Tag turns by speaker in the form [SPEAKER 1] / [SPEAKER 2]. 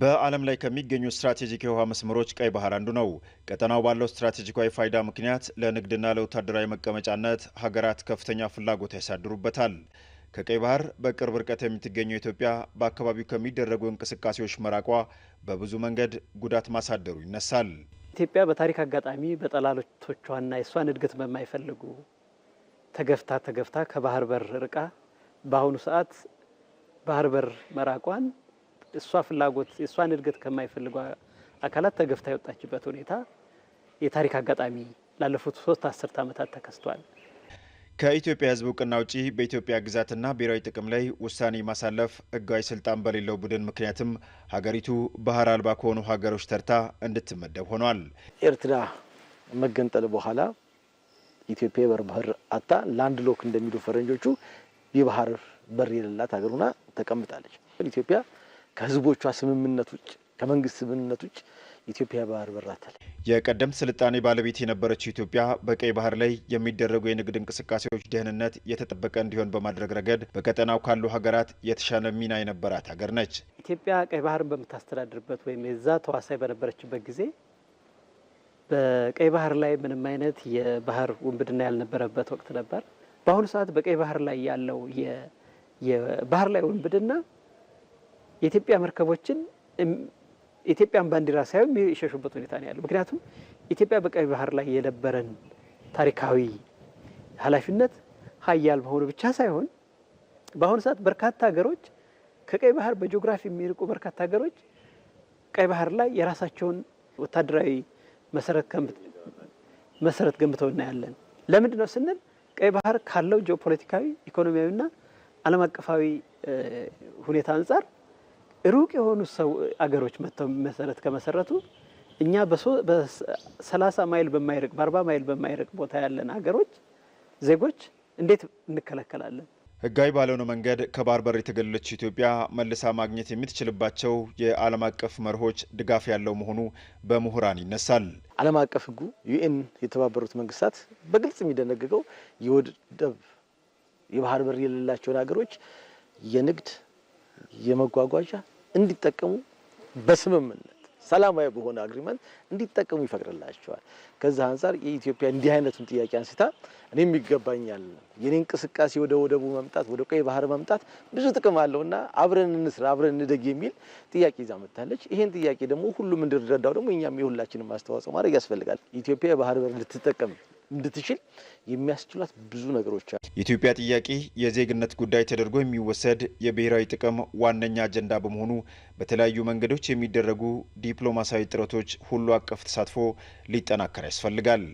[SPEAKER 1] በዓለም ላይ ከሚገኙ ስትራቴጂክ የውሃ መስመሮች ቀይ ባህር አንዱ ነው። ቀጠናው ባለው ስትራቴጂካዊ ፋይዳ ምክንያት ለንግድና ለወታደራዊ መቀመጫነት ሀገራት ከፍተኛ ፍላጎት ያሳድሩበታል። ከቀይ ባህር በቅርብ ርቀት የምትገኘው ኢትዮጵያ በአካባቢው ከሚደረጉ እንቅስቃሴዎች መራቋ በብዙ መንገድ ጉዳት ማሳደሩ ይነሳል።
[SPEAKER 2] ኢትዮጵያ በታሪክ አጋጣሚ በጠላሎቶቿና የእሷን እድገት በማይፈልጉ ተገፍታ ተገፍታ ከባህር በር ርቃ በአሁኑ ሰዓት ባህር በር መራቋን እሷ ፍላጎት የእሷን እድገት ከማይፈልጉ አካላት ተገፍታ የወጣችበት ሁኔታ የታሪክ አጋጣሚ ላለፉት ሶስት አስርት ዓመታት ተከስቷል።
[SPEAKER 1] ከኢትዮጵያ ሕዝብ እውቅና ውጪ በኢትዮጵያ ግዛትና ብሔራዊ ጥቅም ላይ ውሳኔ ማሳለፍ ሕጋዊ ስልጣን በሌለው ቡድን ምክንያትም ሀገሪቱ ባህር አልባ ከሆኑ ሀገሮች ተርታ እንድትመደብ ሆኗል።
[SPEAKER 3] ኤርትራ መገንጠል በኋላ ኢትዮጵያ የበር በር አታ ላንድ ሎክ እንደሚሉ ፈረንጆቹ የባህር በር የሌላት ሀገር ሆና ተቀምጣለች። ኢትዮጵያ ከህዝቦቿ ስምምነት ውጭ ከመንግስት ስምምነት ውጭ ኢትዮጵያ ባህር በራታል።
[SPEAKER 1] የቀደምት ስልጣኔ ባለቤት የነበረችው ኢትዮጵያ በቀይ ባህር ላይ የሚደረጉ የንግድ እንቅስቃሴዎች ደህንነት የተጠበቀ እንዲሆን በማድረግ ረገድ በቀጠናው ካሉ ሀገራት የተሻለ ሚና የነበራት ሀገር ነች።
[SPEAKER 2] ኢትዮጵያ ቀይ ባህርን በምታስተዳድርበት ወይም የዛ ተዋሳይ በነበረችበት ጊዜ በቀይ ባህር ላይ ምንም አይነት የባህር ውንብድና ያልነበረበት ወቅት ነበር። በአሁኑ ሰዓት በቀይ ባህር ላይ ያለው የባህር ላይ ውንብድና የኢትዮጵያ መርከቦችን ኢትዮጵያን ባንዲራ ሳይሆን የሸሹበት ሁኔታ ነው ያለው። ምክንያቱም ኢትዮጵያ በቀይ ባህር ላይ የነበረን ታሪካዊ ኃላፊነት ሀያል መሆኑ ብቻ ሳይሆን በአሁኑ ሰዓት በርካታ ሀገሮች ከቀይ ባህር በጂኦግራፊ የሚርቁ በርካታ ሀገሮች ቀይ ባህር ላይ የራሳቸውን ወታደራዊ መሰረት ገንብተው እናያለን። ለምንድን ነው ስንል ቀይ ባህር ካለው ጂኦፖለቲካዊ ኢኮኖሚያዊና ዓለም አቀፋዊ ሁኔታ አንጻር ሩቅ የሆኑ ሰው አገሮች መጥተው መሰረት ከመሰረቱ እኛ በሰላሳ ማይል በማይርቅ በአርባ ማይል በማይርቅ ቦታ ያለን አገሮች ዜጎች እንዴት እንከለከላለን?
[SPEAKER 1] ህጋዊ ባልሆነ መንገድ ከባህር በር የተገለለችው ኢትዮጵያ መልሳ ማግኘት የምትችልባቸው የዓለም አቀፍ መርሆች ድጋፍ ያለው መሆኑ በምሁራን ይነሳል።
[SPEAKER 3] ዓለም አቀፍ ህጉ ዩኤን የተባበሩት መንግስታት በግልጽ የሚደነግገው የወደብ የባህር በር የሌላቸውን ሀገሮች የንግድ የመጓጓዣ እንዲጠቀሙ በስምምነት ሰላማዊ በሆነ አግሪመንት እንዲጠቀሙ ይፈቅድላቸዋል። ከዛ አንጻር የኢትዮጵያ እንዲህ አይነቱን ጥያቄ አንስታ እኔም ይገባኛል የኔ እንቅስቃሴ ወደ ወደቡ መምጣት ወደ ቀይ ባህር መምጣት ብዙ ጥቅም አለውና አብረን እንስራ፣ አብረን እንደግ የሚል ጥያቄ ይዛ መጥታለች። ይሄን ጥያቄ ደግሞ ሁሉም እንድንረዳው ደግሞ እኛም የሁላችንም ማስተዋጽኦ ማድረግ ያስፈልጋል። ኢትዮጵያ የባህር በር ልትጠቀም እንድትችል የሚያስችላት ብዙ ነገሮች አሉ።
[SPEAKER 1] የኢትዮጵያ ጥያቄ የዜግነት ጉዳይ ተደርጎ የሚወሰድ የብሔራዊ ጥቅም ዋነኛ አጀንዳ በመሆኑ በተለያዩ መንገዶች የሚደረጉ ዲፕሎማሲያዊ ጥረቶች ሁሉ አቀፍ ተሳትፎ ሊጠናከር ያስፈልጋል።